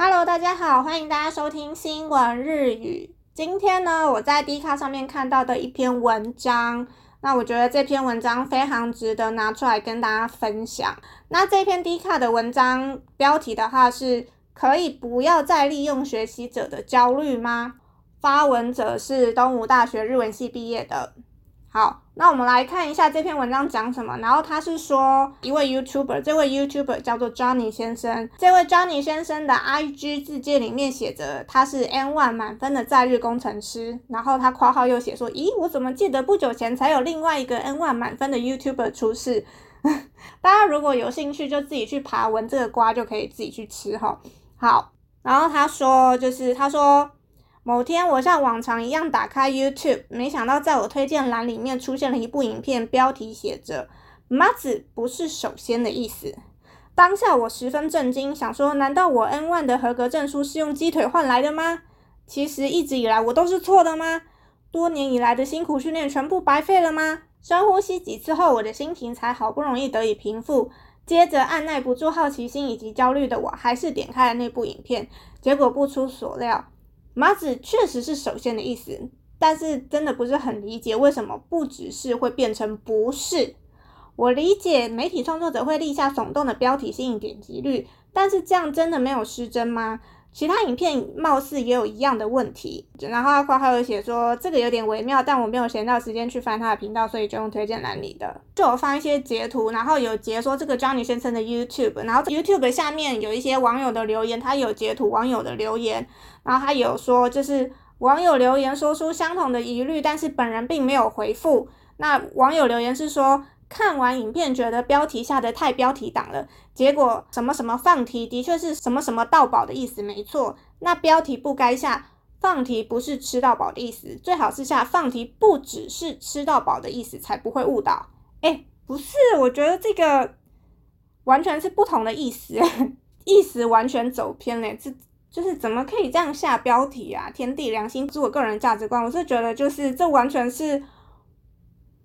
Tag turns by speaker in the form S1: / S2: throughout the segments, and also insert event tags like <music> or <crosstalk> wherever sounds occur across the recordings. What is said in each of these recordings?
S1: Hello，大家好，歡迎大家收聽新聞日語。今天呢，我在 D 卡上面看到的一篇文章，那我覺得這篇文章非常值得拿出來跟大家分享。那這篇 D 卡的文章標題的話是，是可以不要再利用學習者的焦慮嗎？發文者是東吳大學日文系畢業的。好，那我們來看一下這篇文章講什麼。然後他是說一位 YouTuber，這位 YouTuber 叫做 Johnny 先生。這位 Johnny 先生的 IG 自介裡面寫着他是 N1 滿分的在日工程師。然後他括號又寫說：“咦，我怎麼記得不久前才有另外一個 N1 滿分的 YouTuber 出事？”大家如果有興趣，就自己去爬文這個瓜，就可以自己去吃哈。好，然後他說就是他說。某天，我像往常一樣打開 YouTube，沒想到在我推薦欄裡面出現了一部影片，標題寫着“麻子不是首先的意思”。當下我十分震驚，想說：難道我 N1 的合格證書是用雞腿換來的嗎？其實一直以來我都是錯的嗎？多年以來的辛苦訓練全部白費了嗎？深呼吸幾次後，我的心情才好不容易得以平復。接着，按捺不住好奇心以及焦慮的我，還是點開了那部影片。結果不出所料。“麻子”確實是首先的意思，但是真的不是很理解為什麼不只是會變成不是。我理解媒體創作者會立下聳動的標題吸引點擊率，但是這樣真的沒有失真嗎？其他影片貌似也有一樣的問題，然後他括號又寫說這個有點微妙，但我沒有閒到時間去翻他的頻道，所以就用推薦欄裡的。就我放一些截圖，然後有截說這個 Johnny 先生的 YouTube，然後 YouTube 下面有一些網友的留言，他有截圖網友的留言，然後他有說就是網友留言說出相同的疑慮，但是本人並沒有回復。那網友留言是說。看完影片，覺得標題下得太標題黨了。結果什麼什麼放題，的確是什麼什麼到飽的意思，沒錯。那標題不該下放題，不是吃到飽的意思。最好是下放題，不只是吃到飽的意思，才不會誤導。哎、欸，不是，我覺得這個完全是不同的意思，意思完全走偏了、欸。這就是怎麼可以這樣下標題啊？天地良心，是我個人價值觀。我是覺得，就是這完全是。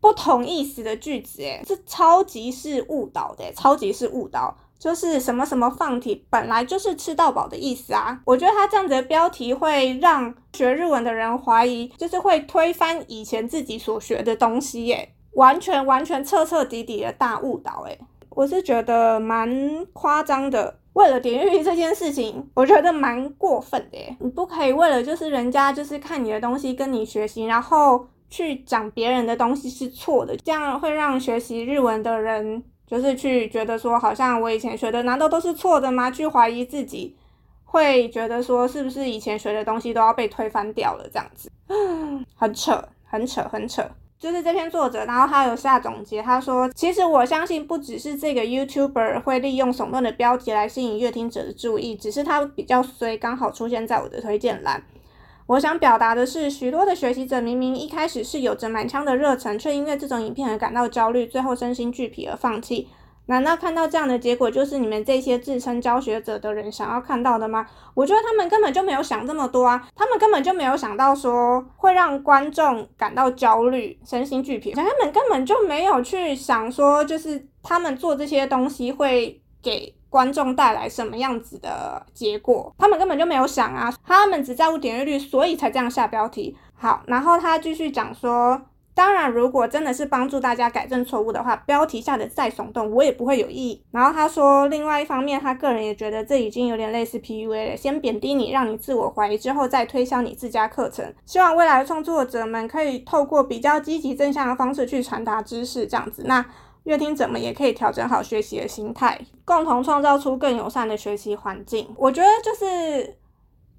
S1: 不同意思的句子、欸，誒，這超級是誤導的、欸，超級是誤導，就是什麼什麼放題本來就是吃到飽的意思啊！我覺得他這樣子的標題會讓學日文的人懷疑，就是會推翻以前自己所學的東西、欸，誒，完全完全徹徹底底的大誤導、欸，誒。我是覺得蠻誇張的。為了點閱率這件事情，我覺得蠻過分的、欸，你不可以為了就是人家就是看你的東西跟你學習，然後。去講別人的東西是錯的，這樣會讓學習日文的人就是去覺得說，好像我以前學的難道都是錯的嗎？去懷疑自己，會覺得說是不是以前學的東西都要被推翻掉了？這樣子，很扯，很扯，很扯。就是這篇作者，然後他有下總結，他說，其實我相信不只是這個 YouTuber 會利用聳動的標題來吸引閱聽者的注意，只是他比較衰，剛好出現在我的推薦欄。我想表達的是，許多的學習者明明一開始是有着滿腔的熱忱，卻因為這種影片而感到焦慮，最後身心俱疲而放棄。難道看到這樣的結果，就是你們這些自稱教學者的人想要看到的嗎？我覺得他們根本就沒有想這麼多啊，他們根本就沒有想到說會讓觀眾感到焦慮、身心俱疲。他們根本就沒有去想說，就是他們做這些東西會。給觀眾帶來什麼樣子的結果？他們根本就沒有想啊，他們只在乎點擊率，所以才這樣下標題。好，然後他繼續講說，當然，如果真的是幫助大家改正錯誤的話，標題下的再聳動，我也不會有異議。然後他說，另外一方面，他個人也覺得這已經有點類似 PUA 了，先貶低你，讓你自我懷疑，之後再推銷你自家課程。希望未來的創作者們可以透過比較積極正向的方式去傳達知識，這樣子。那。閱聽者們也可以調整好學習的心態，共同創造出更友善的學習環境。我覺得就是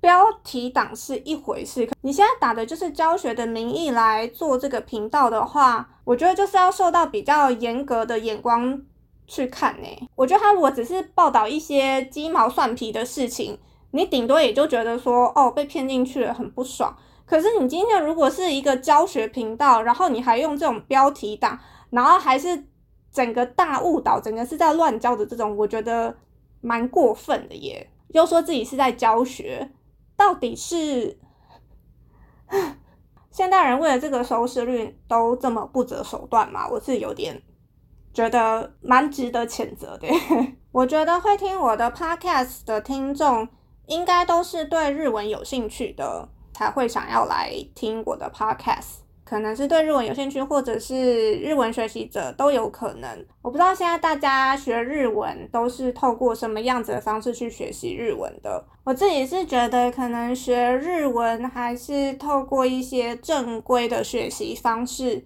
S1: 標題黨是一回事，你現在打的就是教學的名義來做這個頻道的話，我覺得就是要受到比較嚴格的眼光去看、欸。誒，我覺得他如果只是報道一些雞毛蒜皮的事情，你頂多也就覺得說哦被騙進去了，很不爽。可是你今天如果是一個教學頻道，然後你還用這種標題黨，然後還是。整個大誤導，整個是在亂教的這種，我覺得蠻過分的耶。又說自己是在教學，到底是 <laughs> 現代人為了這個收視率都這麼不擇手段嗎？我是有點覺得蠻值得譴責的。 <laughs> 我覺得會聽我的 podcast 的聽眾，應該都是對日文有興趣的，才會想要來聽我的 podcast。可能是對日文有興趣，或者是日文學習者都有可能。我不知道現在大家學日文都是透過什麼樣子的方式去學習日文的。我自己是覺得，可能學日文還是透過一些正規的學習方式。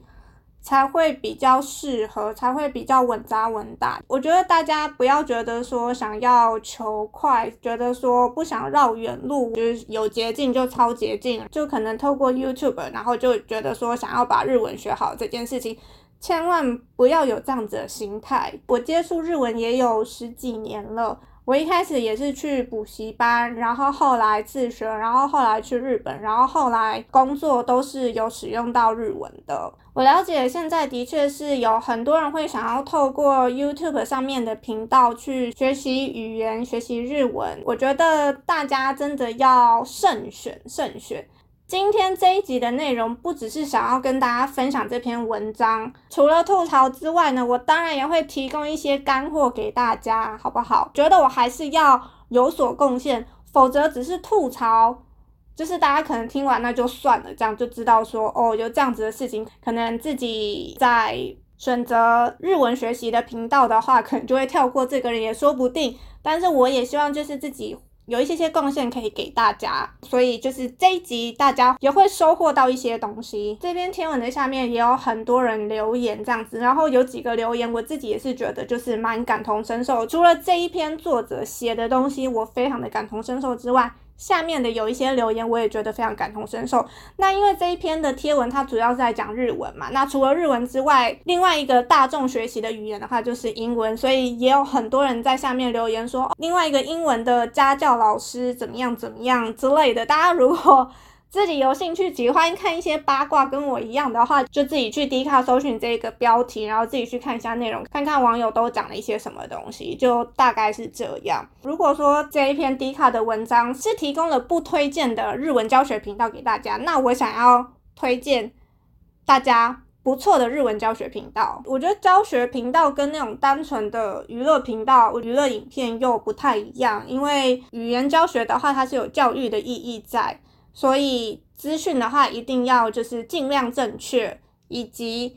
S1: 才會比較適合，才會比較穩紮穩打。我覺得大家不要覺得說想要求快，覺得說不想繞遠路，就是有捷徑就抄捷徑，就可能透過 YouTube，然後就覺得說想要把日文學好這件事情，千萬不要有這樣子的心態。我接觸日文也有十幾年了。我一開始也是去補習班，然後後來自學，然後後來去日本，然後後來工作都是有使用到日文的。我了解現在的確是有很多人會想要透過 YouTube 上面的頻道去學習語言、學習日文。我覺得大家真的要慎選、慎選。今天這一集的內容不只是想要跟大家分享這篇文章，除了吐槽之外呢，我當然也會提供一些乾貨給大家，好不好？覺得我還是要有所貢獻，否則只是吐槽，就是大家可能聽完那就算了，這樣就知道說哦，有這樣子的事情，可能自己在選擇日文學習的頻道的話，可能就會跳過這個人，也說不定。但是我也希望就是自己。有一些些貢獻可以給大家，所以就是這一集大家也會收穫到一些東西。這篇貼文的下面也有很多人留言這樣子，然後有幾個留言我自己也是覺得就是蠻感同身受。除了這一篇作者寫的東西，我非常的感同身受之外。下面的有一些留言，我也覺得非常感同身受。那因為這一篇的貼文，它主要是在講日文嘛。那除了日文之外，另外一個大眾學習的語言的話，就是英文。所以也有很多人在下面留言說，哦，另外一個英文的家教老師怎麼樣怎麼樣之類的。大家如果……自己有興趣喜歡看一些八卦，跟我一樣的話，就自己去 Dcard 搜尋這個標題，然後自己去看一下內容，看看網友都講了一些什麼東西，就大概是這樣。如果說這一篇 Dcard 的文章是提供了不推薦的日文教學頻道給大家，那我想要推薦大家不錯的日文教學頻道。我覺得教學頻道跟那種單純的娛樂頻道、娛樂影片又不太一樣，因為語言教學的話，它是有教育的意義在。所以資訊的話，一定要就是盡量正確，以及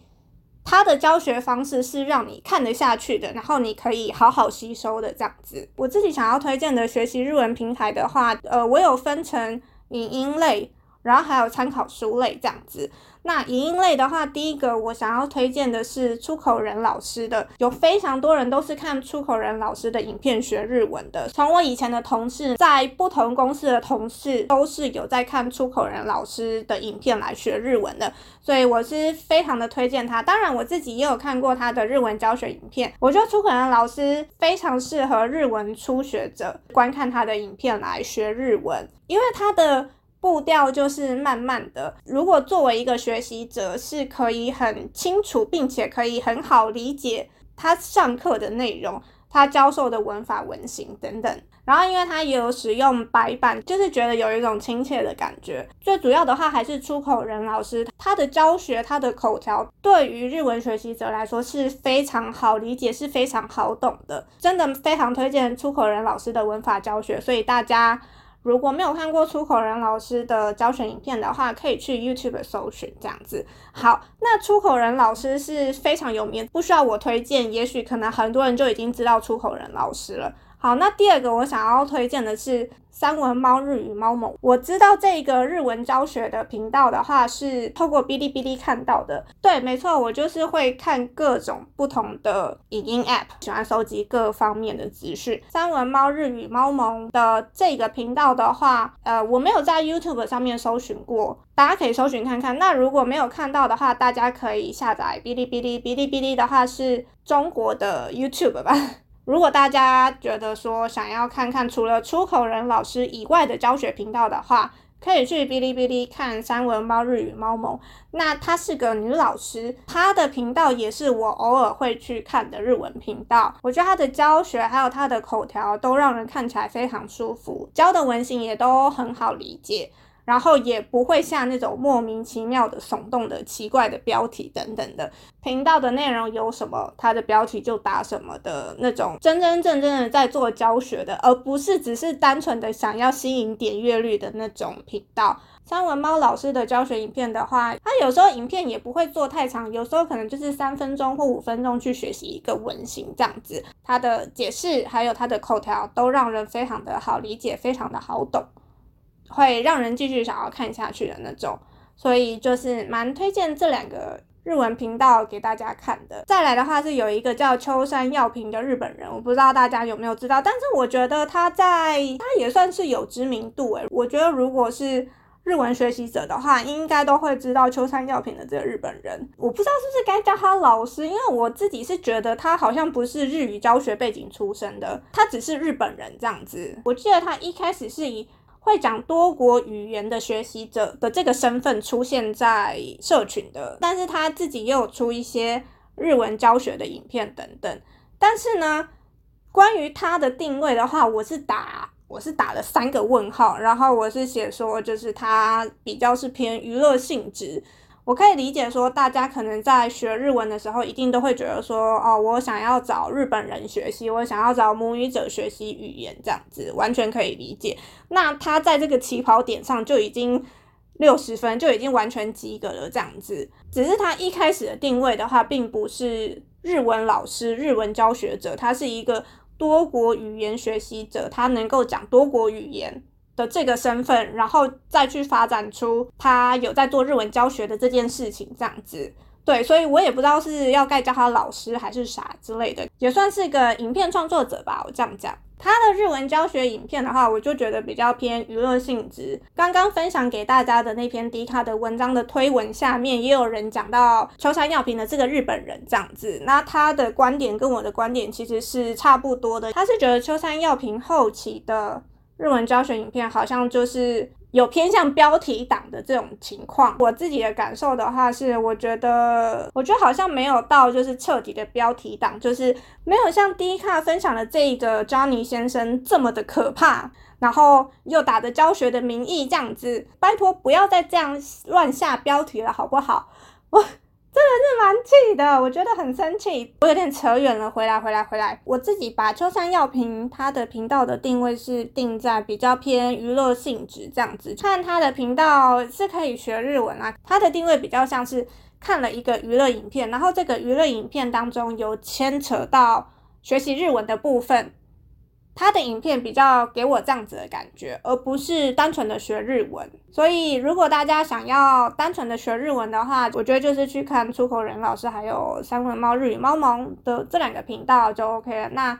S1: 它的教學方式是讓你看得下去的，然後你可以好好吸收的這樣子。我自己想要推薦的學習日文平台的話，呃，我有分成影音類，然後還有參考書類這樣子。那影音類的話，第一個我想要推薦的是出口人老師的，有非常多人都是看出口人老師的影片學日文的。從我以前的同事，在不同公司的同事，都是有在看出口人老師的影片來學日文的，所以我是非常的推薦他。當然，我自己也有看過他的日文教學影片，我覺得出口人老師非常適合日文初學者觀看他的影片來學日文，因為他的。步調就是慢慢的。如果作為一個學習者，是可以很清楚並且可以很好理解他上課的內容，他教授的文法、文型等等。然後，因為他也有使用白板，就是覺得有一種親切的感覺。最主要的話還是出口人老師，他的教學，他的口條對於日文學習者來說是非常好理解，是非常好懂的。真的非常推薦出口人老師的文法教學，所以大家。如果沒有看過出口人老師的教學影片的話，可以去 YouTube 搜尋這樣子。好，那出口人老師是非常有名，不需要我推薦，也許可能很多人就已經知道出口人老師了。好，那第二個我想要推薦的是三文貓日語貓萌。我知道這個日文教學的頻道的話，是透過嗶哩嗶哩看到的。對，沒錯，我就是會看各種不同的影音 App，喜歡收集各方面的資訊。三文貓日語貓萌的這個頻道的話，呃，我沒有在 YouTube 上面搜尋過，大家可以搜尋看看。那如果沒有看到的話，大家可以下載嗶哩嗶哩。嗶哩嗶哩的話是中國的 YouTube 吧。如果大家覺得說想要看看除了出口人老師以外的教學頻道的話，可以去嗶哩嗶哩看三文貓日語貓萌。那她是個女老師，她的頻道也是我偶爾會去看的日文頻道。我覺得她的教學還有她的口條都讓人看起來非常舒服，教的文型也都很好理解。然後也不會像那種莫名其妙的聳動的奇怪的標題等等的，頻道的內容有什麼，它的標題就打什麼的那種，真真正正的在做教學的，而不是只是單純的想要吸引點閱率的那種頻道。三文貓老師的教學影片的話，他有時候影片也不會做太長，有時候可能就是三分鐘或五分鐘去學習一個文型這樣子，他的解釋還有他的口條都讓人非常的好理解，非常的好懂。會讓人繼續想要看下去的那種，所以就是蠻推薦這兩個日文頻道給大家看的。再來的話是有一個叫秋山耀平的日本人，我不知道大家有沒有知道，但是我覺得他在他也算是有知名度誒、欸。我覺得如果是日文學習者的話，應該都會知道秋山耀平的這個日本人。我不知道是不是該叫他老師，因為我自己是覺得他好像不是日語教學背景出身的，他只是日本人這樣子。我記得他一開始是以。會講多國語言的學習者的這個身份出現在社群的，但是他自己也有出一些日文教學的影片等等。但是呢，關於他的定位的話，我是打，我是打了三個問號，然後我是寫說就是他比較是偏娛樂性質。我可以理解說，大家可能在學日文的時候，一定都會覺得說，哦，我想要找日本人學習，我想要找母語者學習語言，這樣子完全可以理解。那他在這個起跑點上就已經六十分，就已經完全及格了，這樣子。只是他一開始的定位的話，並不是日文老師、日文教學者，他是一個多國語言學習者，他能夠講多國語言。的這個身份，然後再去發展出他有在做日文教學的這件事情，這樣子。對，所以我也不知道是要該叫他老師還是啥之類的，也算是個影片創作者吧。我這樣講，他的日文教學影片的話，我就覺得比較偏娛樂性質。剛剛分享給大家的那篇 Dcard 的文章的推文下面，也有人講到秋山耀平的這個日本人這樣子，那他的觀點跟我的觀點其實是差不多的。他是覺得秋山耀平後期的。日文教學影片好像就是有偏向標題黨的這種情況。我自己的感受的話是，我覺得我覺得好像沒有到就是徹底的標題黨，就是沒有像 Dcard 分享的這一個 Johnny 先生這麼的可怕。然後又打着教學的名義這樣子，拜託不要再這樣亂下標題了，好不好？我。真的是蠻氣的，我覺得很生氣。我有點扯遠了，回來，回來，回來。我自己把秋山耀平他的頻道的定位是定在比較偏娛樂性質這樣子。看他的頻道是可以學日文啊，他的定位比較像是看了一個娛樂影片，然後這個娛樂影片當中有牽扯到學習日文的部分。他的影片比較給我這樣子的感覺，而不是單純的學日文。所以，如果大家想要單純的學日文的話，我覺得就是去看出口仁老師還有三文貓日語貓萌的這兩個頻道就 OK 了。那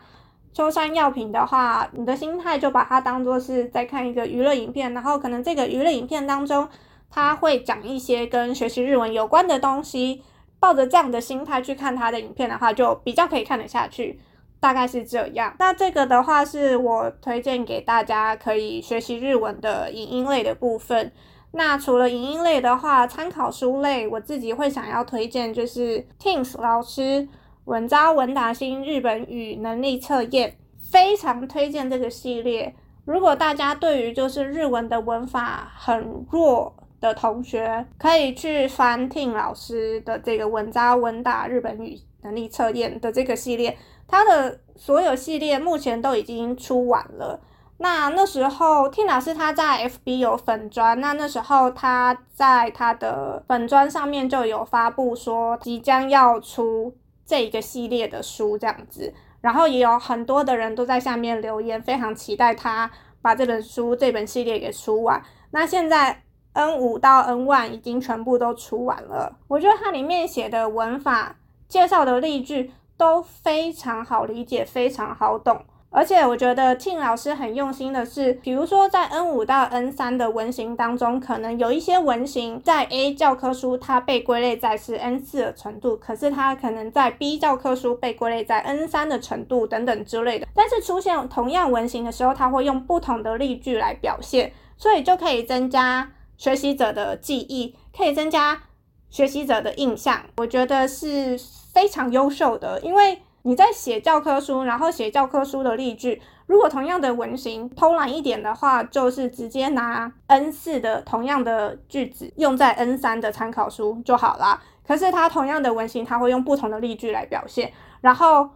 S1: 秋山燿平的話，你的心態就把它當做是在看一個娛樂影片，然後可能這個娛樂影片當中他會講一些跟學習日文有關的東西，抱着這樣的心態去看他的影片的話，就比較可以看得下去。大概是這樣。那這個的話是我推薦給大家可以學習日文的影音類的部分。那除了影音類的話，參考書類我自己會想要推薦就是 Tings 老師穩紮穩打新日本語能力測驗，非常推薦這個系列。如果大家對於就是日文的文法很弱的同學，可以去翻 Tings 老師的這個穩紮穩打日本語能力測驗的這個系列。他的所有系列目前都已經出完了。那那時候，Tina 是他在 FB 有粉專，那那時候他在他的粉專上面就有發布說即將要出這一個系列的書這樣子，然後也有很多的人都在下面留言，非常期待他把這本書這本系列給出完。那現在 N 五到 N 一已經全部都出完了，我覺得它裡面寫的文法介紹的例句。都非常好理解，非常好懂。而且我覺得慶老師很用心的是，比如說在 N 五到 N 三的文型當中，可能有一些文型在 A 教科書它被歸類在是 N 四的程度，可是它可能在 B 教科書被歸類在 N 三的程度等等之類的。但是出現同樣文型的時候，它會用不同的例句來表現，所以就可以增加學習者的記憶，可以增加學習者的印象。我覺得是。非常優秀的，因為你在寫教科書，然後寫教科書的例句，如果同樣的文型偷懶一點的話，就是直接拿 N 四的同樣的句子用在 N 三的參考書就好啦。可是它同樣的文型，它會用不同的例句來表現，然後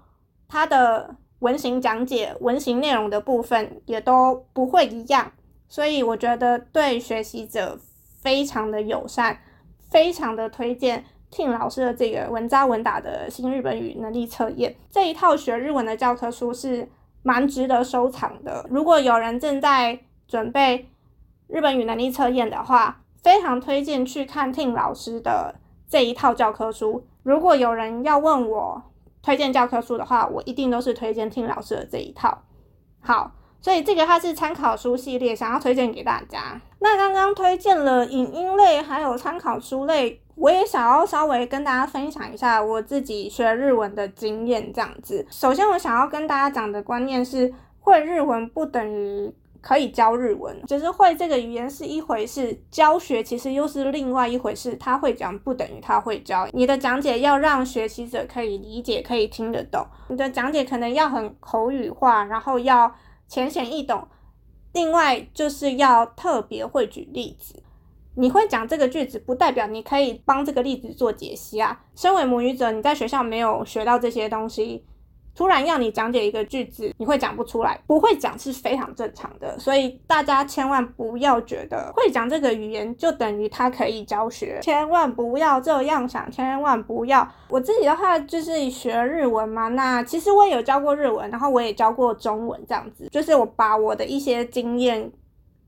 S1: 它的文型講解、文型內容的部分也都不會一樣，所以我覺得對學習者非常的友善，非常的推薦。聽老師的這個穩紮穩打的新日本語能力測驗這一套學日文的教科書是蠻值得收藏的。如果有人正在準備日本語能力測驗的話，非常推薦去看聽老師的這一套教科書。如果有人要問我推薦教科書的話，我一定都是推薦聽老師的這一套。好，所以這個它是參考書系列，想要推薦給大家。那剛剛推薦了影音類，還有參考書類。我也想要稍微跟大家分享一下我自己學日文的經驗，這樣子。首先，我想要跟大家講的觀念是，會日文不等於可以教日文，只是會這個語言是一回事，教學其實又是另外一回事。他會講不等於他會教。你的講解要讓學習者可以理解、可以聽得懂，你的講解可能要很口語化，然後要淺顯易懂。另外，就是要特別會舉例子。你會講這個句子，不代表你可以幫這個例子做解析啊。身為母語者，你在學校沒有學到這些東西，突然要你講解一個句子，你會講不出來，不會講是非常正常的。所以大家千萬不要覺得會講這個語言就等於他可以教學，千萬不要這樣想，千萬不要。我自己的話就是學日文嘛，那其實我也有教過日文，然後我也教過中文，這樣子，就是我把我的一些經驗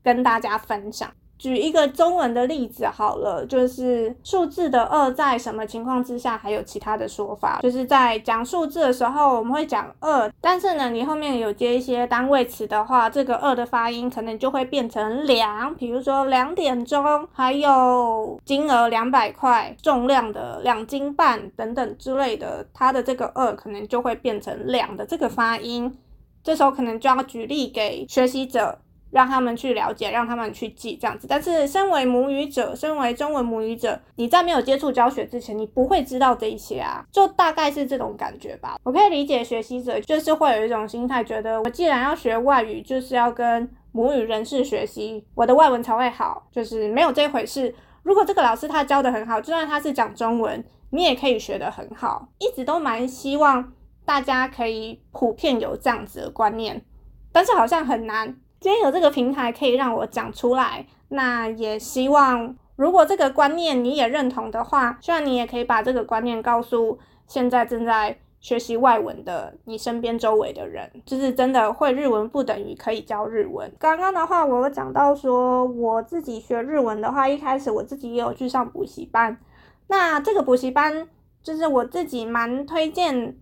S1: 跟大家分享。舉一個中文的例子好了，就是數字的二在什麼情況之下還有其他的說法，就是在講數字的時候我們會講二，但是呢，你後面有接一些單位詞的話，這個二的發音可能就會變成兩，比如說兩點鐘，還有金額兩百塊，重量的兩斤半等等之類的，它的這個二可能就會變成兩的這個發音，這時候可能就要舉例給學習者。讓他們去了解，讓他們去記這樣子。但是，身為母語者，身為中文母語者，你在沒有接觸教學之前，你不會知道這一切啊，就大概是這種感覺吧。我可以理解學習者就是會有一種心態，覺得我既然要學外語，就是要跟母語人士學習，我的外文才會好。就是沒有這回事。如果這個老師他教得很好，就算他是講中文，你也可以學得很好。一直都蠻希望大家可以普遍有這樣子的觀念，但是好像很難。今天有這個平台可以讓我講出來，那也希望如果這個觀念你也認同的話，希望你也可以把這個觀念告訴現在正在學習外文的你身邊周圍的人。就是真的會日文不等於可以教日文。剛剛的話，我有講到說我自己學日文的話，一開始我自己也有去上補習班。那這個補習班就是我自己蠻推薦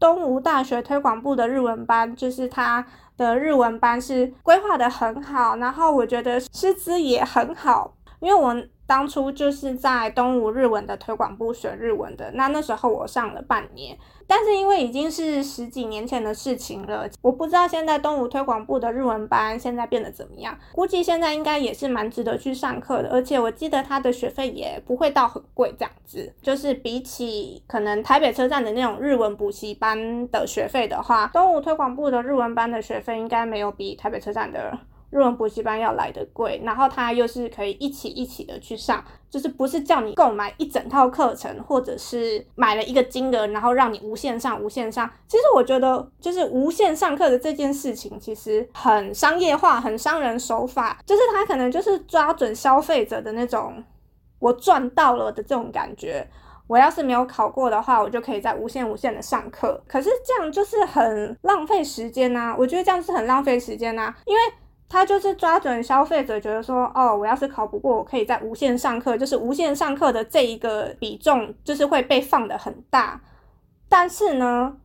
S1: 東吳大學推廣部的日文班，就是它。的日文班是規劃得很好，然後我覺得師資也很好，因為我。當初就是在東吳日文的推廣部學日文的，那那時候我上了半年，但是因為已經是十幾年前的事情了，我不知道現在東吳推廣部的日文班現在變得怎麼樣。估計現在應該也是蠻值得去上課的，而且我記得他的學費也不會到很貴這樣子，就是比起可能台北車站的那種日文補習班的學費的話，東吳推廣部的日文班的學費應該沒有比台北車站的入門補習班要來得貴，然後它又是可以一起一起的去上，就是不是叫你購買一整套課程，或者是買了一個金額，然後讓你無限上無限上。其實我覺得，就是無限上課的這件事情，其實很商業化，很商人手法，就是他可能就是抓準消費者的那種我賺到了的這種感覺。我要是沒有考過的話，我就可以在無限無限的上課。可是這樣就是很浪費時間吶、啊，我覺得這樣是很浪費時間吶、啊，因為。他就是抓準消費者覺得說，哦，我要是考不過，我可以再無限上課，就是無限上課的這一個比重，就是會被放得很大。但是呢，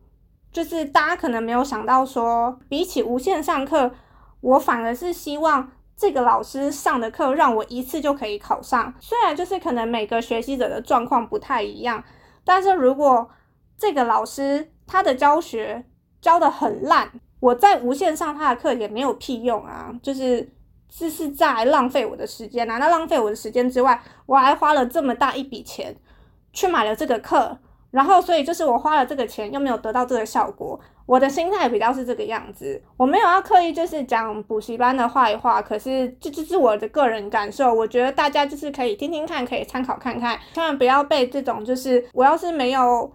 S1: 就是大家可能沒有想到說，比起無限上課，我反而是希望這個老師上的課讓我一次就可以考上。雖然就是可能每個學習者的狀況不太一樣，但是如果這個老師他的教學教得很爛。我在無線上他的課也沒有屁用啊，就是這是在浪費我的時間啊。那浪費我的時間之外，我還花了這麼大一筆錢去買了這個課，然後所以就是我花了這個錢又沒有得到這個效果，我的心態比較是這個樣子。我沒有要刻意就是講補習班的壞話。可是這就是我的個人感受，我覺得大家就是可以聽聽看，可以參考看看，千萬不要被這種就是我要是沒有。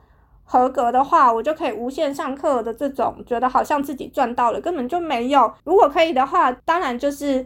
S1: 合格的話，我就可以無限上課的這種，覺得好像自己賺到了，根本就沒有。如果可以的話，當然就是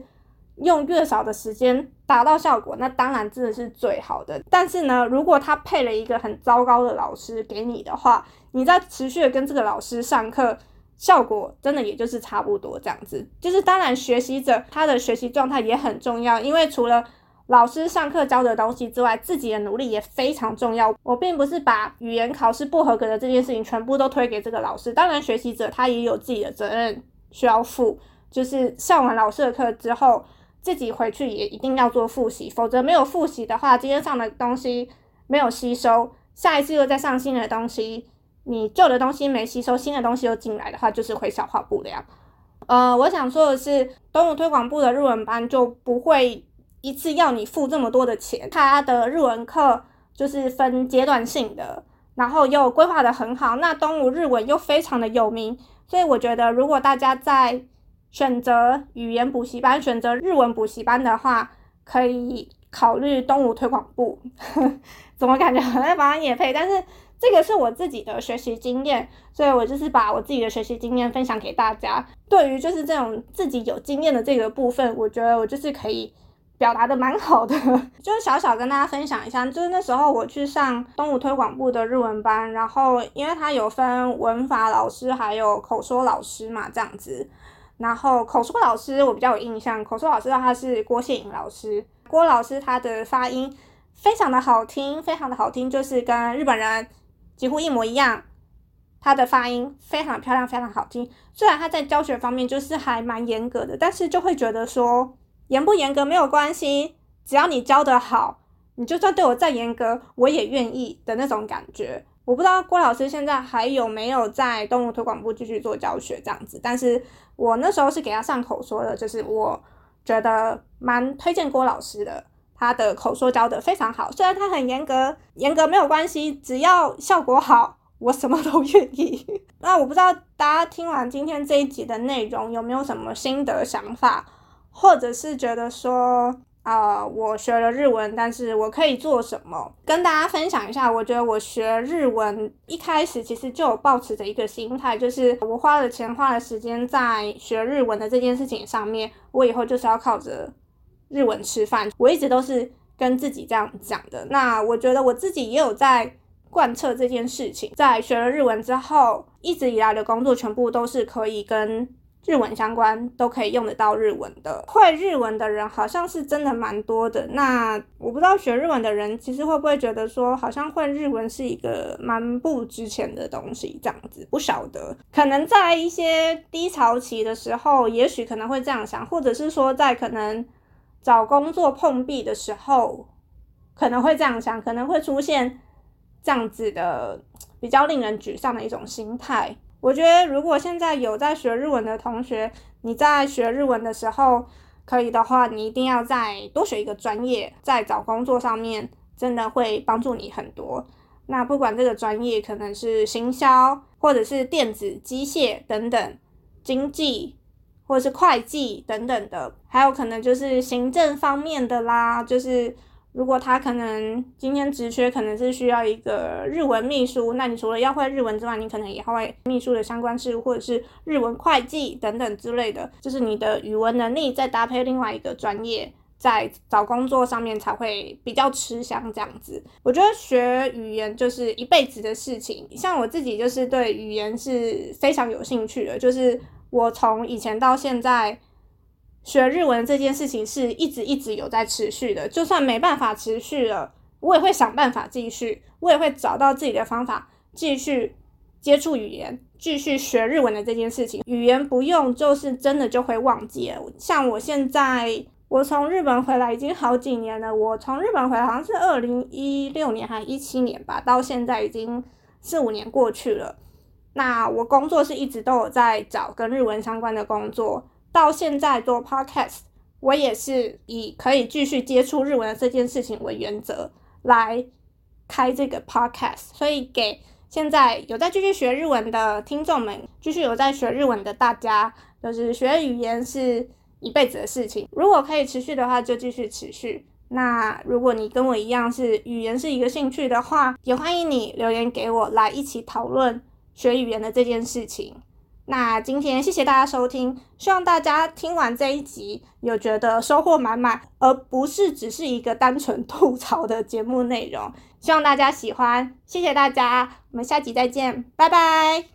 S1: 用越少的時間達到效果，那當然真的是最好的。但是呢，如果他配了一個很糟糕的老師給你的話，你再持續的跟這個老師上課，效果真的也就是差不多這樣子。就是當然學，學習者他的學習狀態也很重要，因為除了。老師上課教的東西之外，自己的努力也非常重要。我並不是把語言考試不合格的這件事情全部都推給這個老師。當然，學習者他也有自己的責任需要負，就是上完老師的課之後，自己回去也一定要做複習。否則沒有複習的話，今天上的東西沒有吸收，下一次又再上新的東西，你舊的東西沒吸收，新的東西又進來的話，就是會消化不良。呃，我想說的是，東吳推廣部的日文班就不會。一次要你付這麼多的錢，他的日文課就是分階段性的，然後又規劃得很好。那東吳日文又非常的有名，所以我覺得如果大家在選擇語言補習班，選擇日文補習班的話，可以考慮東吳推廣部。呵怎麼感覺好像也配？但是這個是我自己的學習經驗，所以我就是把我自己的學習經驗分享給大家。對於就是這種自己有經驗的這個部分，我覺得我就是可以。表達的蠻好的， <laughs> 就是小小跟大家分享一下，就是那時候我去上東武推廣部的日文班，然後因為他有分文法老師還有口說老師嘛，這樣子，然後口說老師我比較有印象，口說老師他是郭謝穎老師，郭老師他的發音非常的好聽，非常的好聽，就是跟日本人幾乎一模一樣，他的發音非常漂亮，非常好聽，雖然他在教學方面就是還蠻嚴格的，但是就會覺得說。嚴不嚴格沒有關係，只要你教得好，你就算對我再嚴格，我也願意的那種感覺。我不知道郭老師現在還有沒有在動物推廣部繼續做教學這樣子，但是我那時候是給他上口說的，就是我覺得蠻推薦郭老師的，他的口說教得非常好，雖然他很嚴格，嚴格沒有關係，只要效果好，我什麼都願意。 <laughs> 那我不知道大家聽完今天這一集的內容有沒有什麼心得想法？或者是覺得說，啊、呃，我學了日文，但是我可以做什麼？跟大家分享一下，我覺得我學日文一開始其實就有抱持着一個心態，就是我花了錢、花了時間在學日文的這件事情上面，我以後就是要靠着日文吃飯。我一直都是跟自己這樣講的。那我覺得我自己也有在貫徹這件事情，在學了日文之後，一直以來的工作全部都是可以跟。日文相關，都可以用得到日文的。會日文的人好像是真的蠻多的。那我不知道學日文的人其實會不會覺得說，好像會日文是一個蠻不值錢的東西這樣子，不曉得。可能在一些低潮期的時候，也許可能會這樣想，或者是說在可能找工作碰壁的時候，可能會這樣想，可能會出現這樣子的比較令人沮喪的一種心態。我覺得，如果現在有在學日文的同學，你在學日文的時候可以的話，你一定要再多學一個專業，在找工作上面真的會幫助你很多。那不管這個專業可能是行銷，或者是電子、機械等等，經濟或者是會計等等的，還有可能就是行政方面的啦，就是。如果他可能今天職缺可能是需要一個日文祕書，那你除了要會日文之外，你可能也會祕書的相關事，或者是日文會計等等之類的，就是你的語文能力再搭配另外一個專業，在找工作上面才會比較吃香這樣子。我覺得學語言就是一輩子的事情，像我自己就是對語言是非常有興趣的，就是我從以前到現在。學日文這件事情是一直一直有在持續的，就算沒辦法持續了，我也會想辦法繼續，我也會找到自己的方法繼續接觸語言，繼續學日文的這件事情。語言不用就是真的就會忘記，像我現在，我從日本回來已經好幾年了，我從日本回來好像是二零一六年還是一七年吧，到現在已經四五年過去了。那我工作是一直都有在找跟日文相關的工作。到現在做 Podcast，我也是以可以繼續接觸日文的這件事情為原則來開這個 Podcast。所以給現在有在繼續學日文的聽眾們，繼續有在學日文的大家，就是學語言是一輩子的事情。如果可以持續的話，就繼續持續。那如果你跟我一樣是語言是一個興趣的話，也歡迎你留言給我來一起討論學語言的這件事情。那今天謝謝大家收聽，希望大家聽完這一集有覺得收穫滿滿，而不是只是一個單純吐槽的節目內容。希望大家喜歡，謝謝大家，我們下集再見，拜拜。